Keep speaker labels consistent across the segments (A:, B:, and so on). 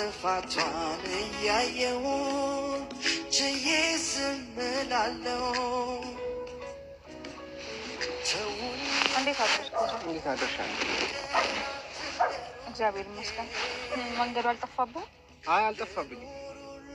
A: ጥፋቷን እያየው ችዬ ስምላለው። እንዴት አደርሻለሁ? እግዚአብሔር ይመስገን። መንገዱ አልጠፋብህም?
B: አይ አልጠፋብኝም።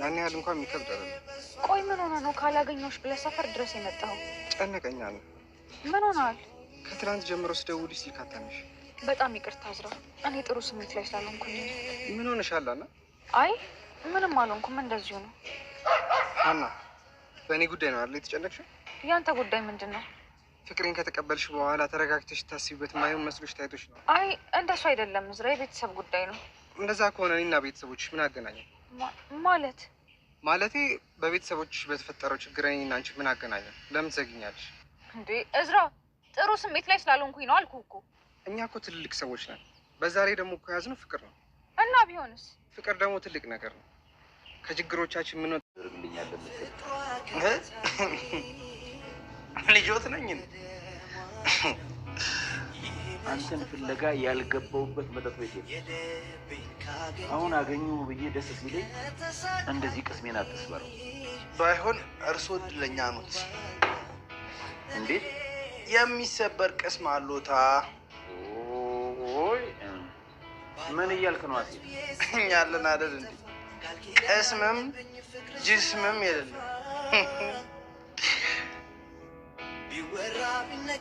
B: ያን ያህል እንኳን የሚከብድ አይደለም።
A: ቆይ ምን ሆነ ነው ካላገኘሁሽ ብለህ ሰፈር ድረስ የመጣኸው? ጨነቀኛ ምን ሆነዋል?
B: ከትናንት ጀምሮ ስደውልሽ ስልክ አታነሺም
A: በጣም ይቅርታ አዝራ፣ እኔ ጥሩ ስሜት ላይ ስላልሆንኩኝ።
B: ምን ሆነሻል አና?
A: አይ ምንም አልሆንኩም፣ እንደዚሁ ነው።
B: አና፣ በእኔ ጉዳይ ነው አለ የተጨነቅሽው?
A: ያንተ ጉዳይ ምንድን ነው?
B: ፍቅሬን ከተቀበልሽ በኋላ ተረጋግተሽ ታስቢበት ማየው መስሎች ታይቶች ነው።
A: አይ እንደሱ አይደለም እዝራ፣ የቤተሰብ ጉዳይ ነው።
B: እንደዛ ከሆነ እኔና ቤተሰቦች ምን አገናኘ? ማለት ማለቴ በቤተሰቦች በተፈጠረው ችግር እና አንቺ ምን አገናኘ? ለምን ትዘግኛለሽ
A: እንዴ? እዝራ፣ ጥሩ ስሜት ላይ ስላልሆንኩኝ ነው አልኩ እኮ
B: እኛ እኮ ትልልቅ ሰዎች ነን። በዛሬ ደግሞ እኮ ያዝነው ፍቅር ነው እና ቢሆንስ? ፍቅር ደግሞ ትልቅ ነገር ነው። ከችግሮቻችን ምን ወጥ ልጆት ነኝ
C: አንተን ፍለጋ ያልገባውበት መጠጥ ቤት አሁን አገኙ ብዬ ደስ ሲለኝ እንደዚህ ቅስሜን አትስበረው።
D: ባይሆን እርሶ እድለኛ ኑት። እንዴት የሚሰበር ቅስም አሎታ።
C: ምን እያልክ ነው? አሲ?
D: እኛ አለን አይደል እንዴ? ቀስምም ጅስምም የለን።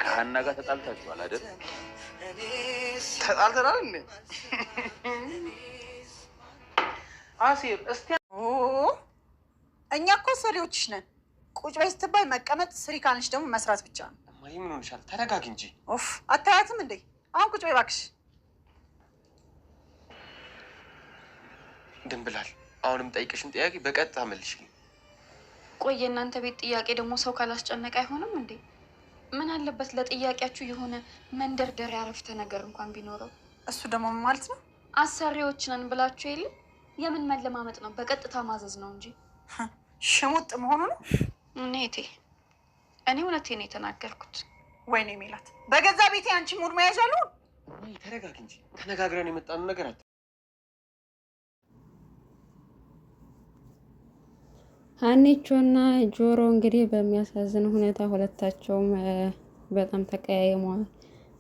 C: ከሀና ጋር ተጣልታችኋል አይደል?
D: ተጣልተናል እንዴ? አሲር እስቲ
A: እኛ እኮ ሰሪዎችሽ ነን። ቁጭ በይ ስትባይ መቀመጥ፣ ስሪ ካልንሽ ደግሞ መስራት ብቻ ነው።
B: ምን ሆንሻል? ተረጋጊ እንጂ
A: ኦፍ አታያትም እንዴ? አሁን ቁጭ በይ እባክሽ።
B: ድም ብላል። አሁንም ጠይቅሽን ጥያቄ በቀጥታ መልሽ።
A: ቆይ የእናንተ ቤት ጥያቄ ደግሞ ሰው ካላስጨነቀ አይሆንም እንዴ? ምን አለበት ለጥያቄያችሁ የሆነ መንደርደሪያ አረፍተ ነገር እንኳን ቢኖረው። እሱ ደግሞ ማለት ነው አሰሪዎች ነን ብላችሁ የለም የምን መለማመጥ ነው? በቀጥታ ማዘዝ ነው እንጂ ሽሙጥ መሆኑ ነው። እኔ እውነቴ ነው የተናገርኩት። ወይኔ የሚላት በገዛ ቤቴ አንቺ ሙድ መያዣ
B: ተረጋግ እንጂ ተነጋግረን የመጣነው ነገር
E: ሀኒቾና ጆሮ እንግዲህ በሚያሳዝን ሁኔታ ሁለታቸውም በጣም ተቀያይመዋል።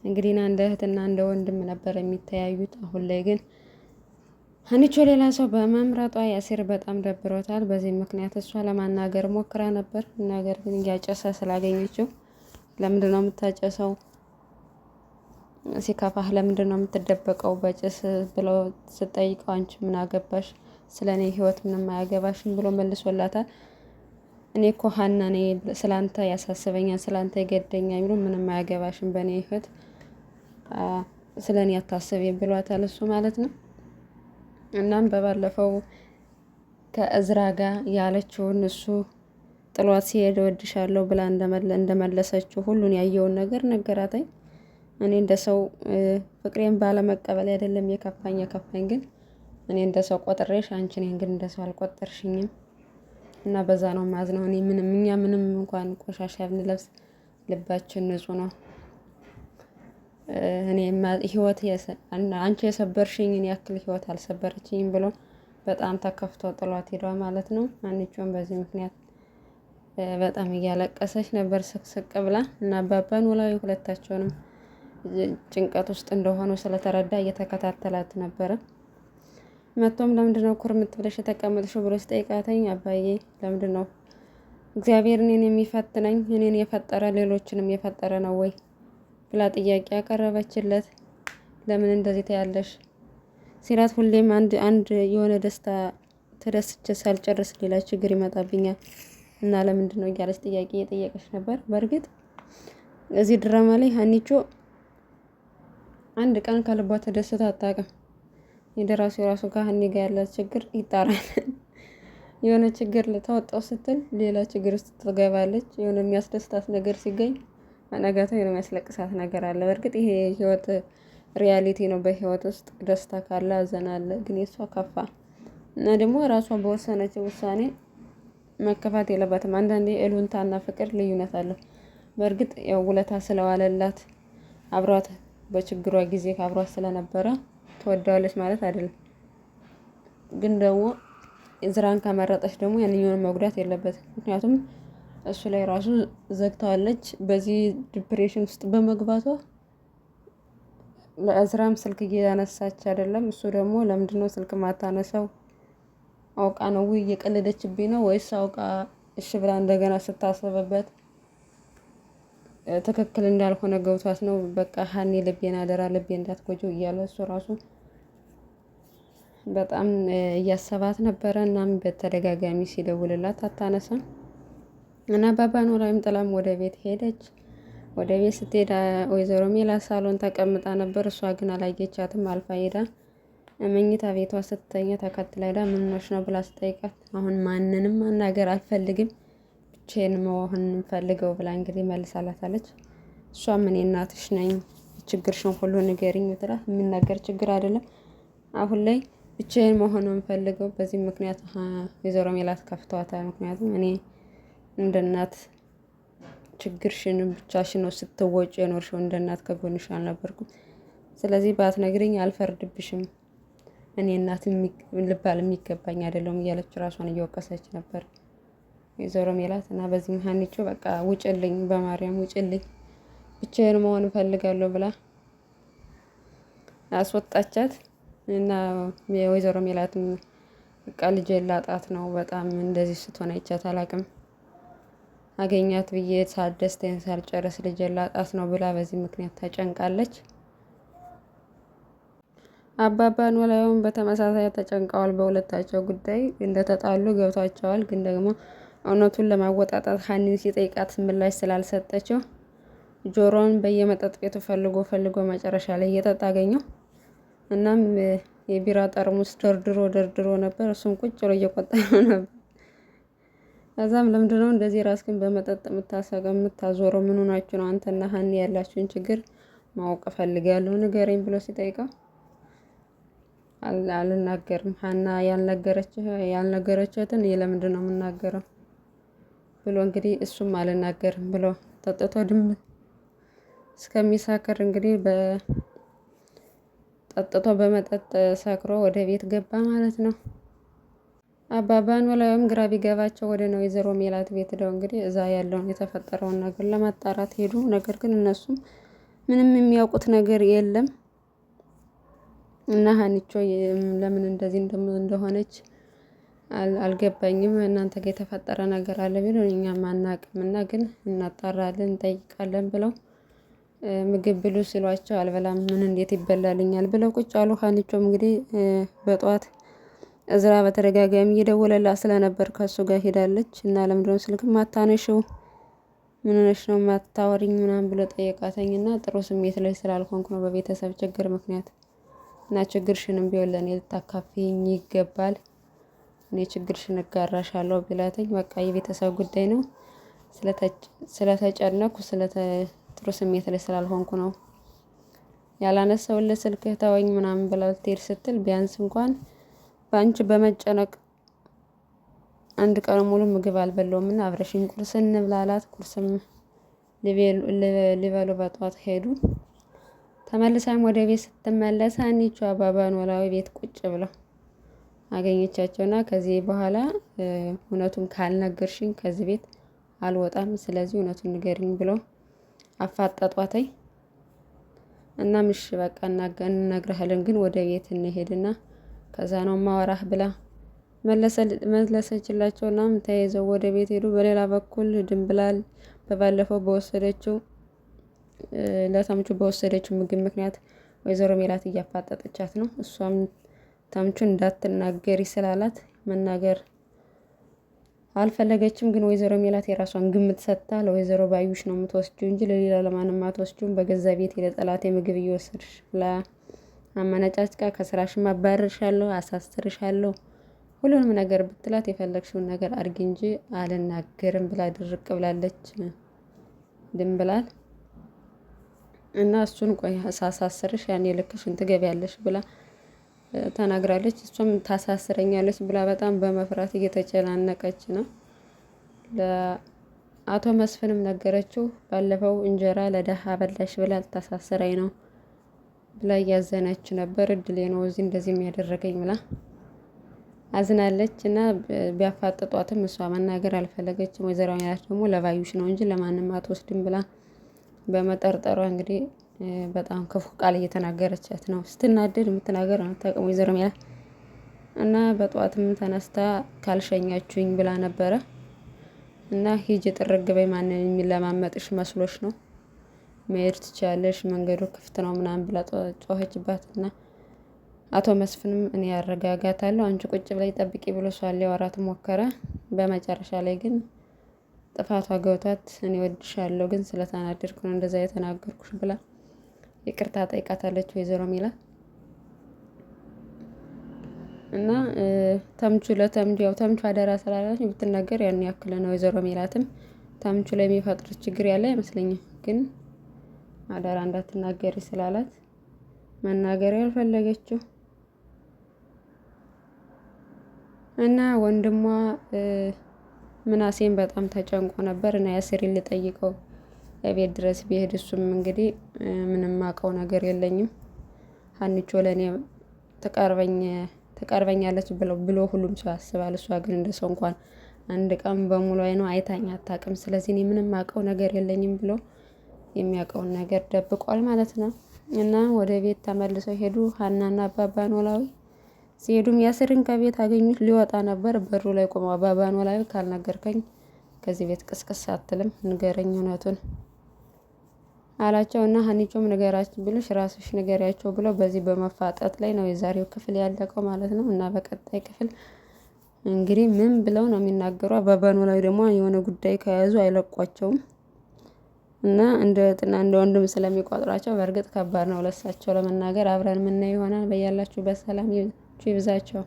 E: እንግዲህ እንደ እህትና እንደ ወንድም ነበር የሚተያዩት። አሁን ላይ ግን ሀኒቾ ሌላ ሰው በመምረጧ ያሲር በጣም ደብሮታል። በዚህ ምክንያት እሷ ለማናገር ሞክራ ነበር። ነገር ግን እያጨሰ ስላገኘችው ለምንድን ነው የምታጨሰው? ሲከፋህ ለምንድን ነው የምትደበቀው በጭስ ብለው ስጠይቀው አንቺ ምን አገባሽ ስለ እኔ ህይወት ምንም አያገባሽም ብሎ መልሶላታል። እኔ እኮ ሀና እኔ አንተ ያሳስበኛል፣ አንተ ይገደኛል ብሎ ምንም አያገባሽም በእኔ ህይወት ስለ እኔ አታስብ ብሏታል እሱ ማለት ነው። እናም በባለፈው ከእዝራ ጋር ያለችውን እሱ ጥሏት ሲሄድ እወድሻለሁ ብላ እንደመለሰችው ሁሉን ያየውን ነገር ነገራተኝ። እኔ እንደ ሰው ፍቅሬን ባለመቀበል አይደለም የከፋኝ የከፋኝ ግን እኔ እንደ ሰው ቆጥሬሽ አንቺ እኔን ግን እንደ ሰው አልቆጠርሽኝም እና በዛ ነው ማዝነው። እኔ ምንም እኛ ምንም እንኳን ቆሻሻ ብንለብስ ልባችን ንጹህ ነው። እኔ ህይወት አንቺ የሰበርሽኝን ያክል ህይወት አልሰበረችኝም ብሎ በጣም ተከፍቶ ጥሏት ሄዷ ማለት ነው። አንቺውን በዚህ ምክንያት በጣም እያለቀሰች ነበር ስቅስቅ ብላ እና አባባ ኖላዊ ሁለታቸውንም ጭንቀት ውስጥ እንደሆኑ ስለተረዳ እየተከታተላት ነበረ። መጥቶም ለምንድነው ኩርምት ብለሽ የተቀመጥሽው ብሎ ሲጠይቃተኝ አባዬ ለምንድነው እግዚአብሔር እኔን የሚፈትነኝ እኔን የፈጠረ ሌሎችንም የፈጠረ ነው ወይ ብላ ጥያቄ ያቀረበችለት ለምን እንደዚህ ታያለሽ ሲላት ሁሌም አንድ አንድ የሆነ ደስታ ተደስቼ ሳልጨርስ ሌላ ችግር ይመጣብኛል እና ለምንድን ነው እያለች ጥያቄ እየጠየቀች ነበር በእርግጥ እዚህ ድራማ ላይ ሀኒቾ አንድ ቀን ከልቧ ተደስታ አታውቅም የደራሱ የራሱ ካህኔ ጋር ያላት ችግር ይጣራል። የሆነ ችግር ልታወጣው ስትል ሌላ ችግር ውስጥ ትገባለች። የሆነ የሚያስደስታት ነገር ሲገኝ አነጋታው የሆነ የሚያስለቅሳት ነገር አለ። በእርግጥ ይሄ ህይወት ሪያሊቲ ነው። በህይወት ውስጥ ደስታ ካለ አዘን አለ። ግን የእሷ ከፋ እና ደግሞ ራሷ በወሰነችው ውሳኔ መከፋት የለባትም። አንዳንዴ እሉንታና ፍቅር ልዩነት አለው። በእርግጥ ያው ውለታ ስለዋለላት አብሯት በችግሯ ጊዜ ከአብሯት ስለነበረ ተወደዋለች ማለት አይደለም። ግን ደግሞ ዝራን ከመረጠች ደግሞ ያንኛውን መጉዳት የለበትም። ምክንያቱም እሱ ላይ ራሱ ዘግተዋለች። በዚህ ዲፕሬሽን ውስጥ በመግባቷ ለእዝራም ስልክ እያነሳች አይደለም። እሱ ደግሞ ለምንድነው ስልክ ማታነሰው? አውቃ ነው ወይ እየቀለደችብኝ ነው ወይስ አውቃ እሺ ብላ እንደገና ስታሰበበት ትክክል እንዳልሆነ ገብቷት ነው። በቃ ሀኒ ልቤን አደራ ልቤ እንዳትጎጂው እያለ እሱ ራሱ በጣም እያሰባት ነበረ። እናም በተደጋጋሚ ሲደውልላት አታነሳም እና በባኖላዊም ጥላም ወደ ቤት ሄደች። ወደ ቤት ስትሄድ ወይዘሮ ሜላ ሳሎን ተቀምጣ ነበር። እሷ ግን አላየቻትም። አልፋ ሄዳ መኝታ ቤቷ ስትተኛ ተከትላ ሄዳ ምን ሆነሽ ነው ብላ ስጠይቃት አሁን ማንንም ማናገር አልፈልግም ብቻዬን መሆን እንፈልገው ብላ እንግዲህ መልሳላታለች። እሷም እኔ እናትሽ ነኝ ችግርሽን ሁሉ ንገሪኝ ብትላት የምናገር ችግር አይደለም አሁን ላይ ብቻዬን መሆን ነው የምፈልገው። በዚህ ምክንያት ወይዘሮ ሜላት ከፍተዋታል። ምክንያቱም እኔ እንደ እናት ችግርሽንም ብቻሽን ነው ስትወጪ የኖርሽው፣ እንደ እናት ከጎንሽ አልነበርኩም። ስለዚህ ባትነግሪኝ አልፈርድብሽም፣ እኔ እናት ልባል የሚገባኝ አይደለሁም እያለች ራሷን እየወቀሰች ነበር ወይዘሮ ሜላት እና በዚህ መሀኒቹ በቃ ውጭልኝ፣ በማርያም ውጭልኝ፣ ብቻዬን መሆን እፈልጋለሁ ብላ አስወጣቻት። እና የወይዘሮ ሜላትም በቃ ልጄ ላጣት ነው። በጣም እንደዚህ ስትሆን አይቻት አላቅም። አገኛት ብዬ ሳደስተኝ ሳልጨረስ ልጄ ላጣት ነው ብላ በዚህ ምክንያት ተጨንቃለች። አባባ ኖላዊም በተመሳሳይ ተጨንቀዋል። በሁለታቸው ጉዳይ እንደተጣሉ ገብቷቸዋል። ግን ደግሞ እውነቱን ለማወጣጣት ሀኒን ሲጠይቃት ምላሽ ስላልሰጠችው ጆሮን በየመጠጥ ቤቱ ፈልጎ ፈልጎ መጨረሻ ላይ እየጠጣ አገኘው። እናም የቢራ ጠርሙስ ደርድሮ ደርድሮ ነበር። እሱም ቁጭ ብሎ እየቆጠረ ነበር። ከዛም ለምንድነው እንደዚህ ራስክን በመጠጥ የምታሰገው የምታዞረው? ምኑ ናችሁ ነው? አንተና ሀኒ ያላችሁን ችግር ማወቅ እፈልጋለሁ ንገረኝ ብሎ ሲጠይቀው አልናገርም ሀና ያልነገረችትን ለምንድን ነው የምናገረው ብሎ እንግዲህ እሱም አልናገርም ብሎ ጠጥቶ ድም እስከሚሳከር እንግዲህ በ ጠጥቶ በመጠጥ ሰክሮ ወደ ቤት ገባ ማለት ነው። አባባን ወላዩም ግራ ቢገባቸው ወደ ነው ወይዘሮ ሜላት ቤት ደው እንግዲህ እዛ ያለውን የተፈጠረውን ነገር ለማጣራት ሄዱ። ነገር ግን እነሱም ምንም የሚያውቁት ነገር የለም እና ሀኒቾ ለምን እንደዚህ እንደሆነች አልገባኝም። እናንተ ጋር የተፈጠረ ነገር አለ ቢሉን እኛም አናውቅም እና ግን እናጣራለን፣ እንጠይቃለን ብለው ምግብ ብሉ ሲሏቸው አልበላም ምን እንዴት ይበላልኛል ብለው ቁጭ አሉ። ሀኒቾም እንግዲህ በጠዋት እዝራ በተደጋጋሚ እየደወለላት ስለነበር ከሱ ጋር ሄዳለች እና ለምንድነው ስልክ ማታነሽው ምን ሆነሽ ነው ማታወሪኝ ምናምን ብሎ ጠየቃተኝ እና ጥሩ ስሜት ላይ ስላልሆንኩ ነው በቤተሰብ ችግር ምክንያት እና ችግርሽንም ቢሆን ለእኔ ልታካፊኝ ይገባል እኔ ችግርሽን እጋራሻለሁ ቢላተኝ በቃ የቤተሰብ ጉዳይ ነው ስለተጨነኩ ስለተ ጥሩ ስሜት ላይ ስላልሆንኩ ነው ያላነሳውለት ስልክ ተወኝ ምናምን ብላ ልትሄድ ስትል ቢያንስ እንኳን በአንቺ በመጨነቅ አንድ ቀን ሙሉ ምግብ አልበለውም እና አብረሽኝ ቁርስ እንብላላት። ቁርስም ሊበሉ በጠዋት ሄዱ። ተመልሳም ወደ ቤት ስትመለስ አንቺ አባባ ኖላዊ ቤት ቁጭ ብለው አገኘቻቸውና ከዚህ በኋላ እውነቱን ካልነገርሽኝ ከዚህ ቤት አልወጣም፣ ስለዚህ እውነቱን ንገርኝ ብለው አፋጠጧተኝ እና ምሽ በቃ እንነግርሃለን ግን ወደ ቤት እንሄድና ከዛ ነው ማወራህ ብላ መለሰችላቸው። እናም ተያይዘው ወደ ቤት ሄዱ። በሌላ በኩል ድንብላል በባለፈው በወሰደችው ለተምቹ በወሰደችው ምግብ ምክንያት ወይዘሮ ሜላት እያፋጠጠቻት ነው። እሷም ተምቹ እንዳትናገሪ ስላላት መናገር አልፈለገችም። ግን ወይዘሮ ሜላት የራሷን ግምት ሰጥታ ለወይዘሮ ባዩሽ ነው የምትወስጂው እንጂ ለሌላ ለማንም አትወስጂውም፣ በገዛ ቤት ለጠላት ምግብ እየወሰድሽ ብላ አመነጫጭቃ ከስራሽም አባርርሻለሁ፣ አሳስርሻለሁ ሁሉንም ነገር ብትላት የፈለግሽውን ነገር አድርጊ እንጂ አልናገርም ብላ ድርቅ ብላለች። ድም ብላል እና እሱን ቆይ ሳሳስርሽ ያኔ ልክሽን ትገቢያለሽ ብላ ተናግራለች። እሷም ታሳስረኛለች ብላ በጣም በመፍራት እየተጨናነቀች ነው። ለአቶ መስፍንም ነገረችው። ባለፈው እንጀራ ለደሃ በላሽ ብላ ልታሳስረኝ ነው ብላ እያዘነች ነበር። እድሌ ነው እዚህ እንደዚህ የሚያደረገኝ ብላ አዝናለች እና ቢያፋጥጧትም እሷ መናገር አልፈለገችም። ወይዘሮ ሚላት ደግሞ ለባዩሽ ነው እንጂ ለማንም አትወስድም ብላ በመጠርጠሯ እንግዲህ በጣም ክፉ ቃል እየተናገረቻት ነው። ስትናደድ የምትናገር ነው ታቀሙ ወይዘሮ ሜላት እና በጠዋትም ተነስታ ካልሸኛችሁኝ ብላ ነበረ እና ሂጅ ጥርግ በይ ማንን የሚለማመጥሽ መስሎች ነው መሄድ ትችያለሽ፣ መንገዱ ክፍት ነው ምናምን ብላ ጮኸችባት እና አቶ መስፍንም እኔ ያረጋጋታለሁ አንቺ ቁጭ ብላይ ጠብቂ ብሎ እሷን ሊያወራት ሞከረ። በመጨረሻ ላይ ግን ጥፋቷ ገብቷት እኔ ወድሻለሁ ግን ስለተናደድኩ ነው እንደዛ የተናገርኩሽ ብላ ይቅርታ ጠይቃታለች ወይዘሮ ሚላ እና ተምቹ ለተምቹ ያው ተምቹ አደራ ስላላት ብትናገር ያን ያክል ነው። ወይዘሮ ሚላትም ተምቹ ላይ የሚፈጥሩት ችግር ያለ አይመስለኝም። ግን አደራ እንዳትናገሪ ስላላት መናገር ያልፈለገችው እና ወንድሟ ምናሴን በጣም ተጨንቆ ነበር እና ያስሪን ልጠይቀው ቤት ድረስ ቢሄድ እሱም እንግዲህ ምንም አውቀው ነገር የለኝም። ሀኒቾ ለእኔ ትቀርበኛለች ብሎ ሁሉም ሰው ያስባል። እሷ ግን እንደ ሰው እንኳን አንድ ቀን በሙሉ አይኗ አይታኝ አታውቅም። ስለዚህ እኔ ምንም አውቀው ነገር የለኝም ብሎ የሚያውቀውን ነገር ደብቋል ማለት ነው። እና ወደ ቤት ተመልሰው ሄዱ። ሀናና አባባ ኖላዊ ሲሄዱም ያስርን ከቤት አገኙት። ሊወጣ ነበር። በሩ ላይ ቆመው አባባ ኖላዊ ካልነገርከኝ ከዚህ ቤት ቅስቅስ አትልም፣ ንገረኝ እውነቱን አላቸው እና ሀኒቾም ንገራችሁ ብሎሽ ራስሽ ንገሪያቸው ብለው በዚህ በመፋጠጥ ላይ ነው የዛሬው ክፍል ያለቀው ማለት ነው። እና በቀጣይ ክፍል እንግዲህ ምን ብለው ነው የሚናገሯ? በበኑ ላይ ደግሞ የሆነ ጉዳይ ከያዙ አይለቋቸውም እና እንደ ጥና እንደ ወንድም ስለሚቆጥሯቸው በእርግጥ ከባድ ነው ለሳቸው ለመናገር። አብረን የምናየው ይሆናል። በያላችሁ በሰላም ይብዛቸው።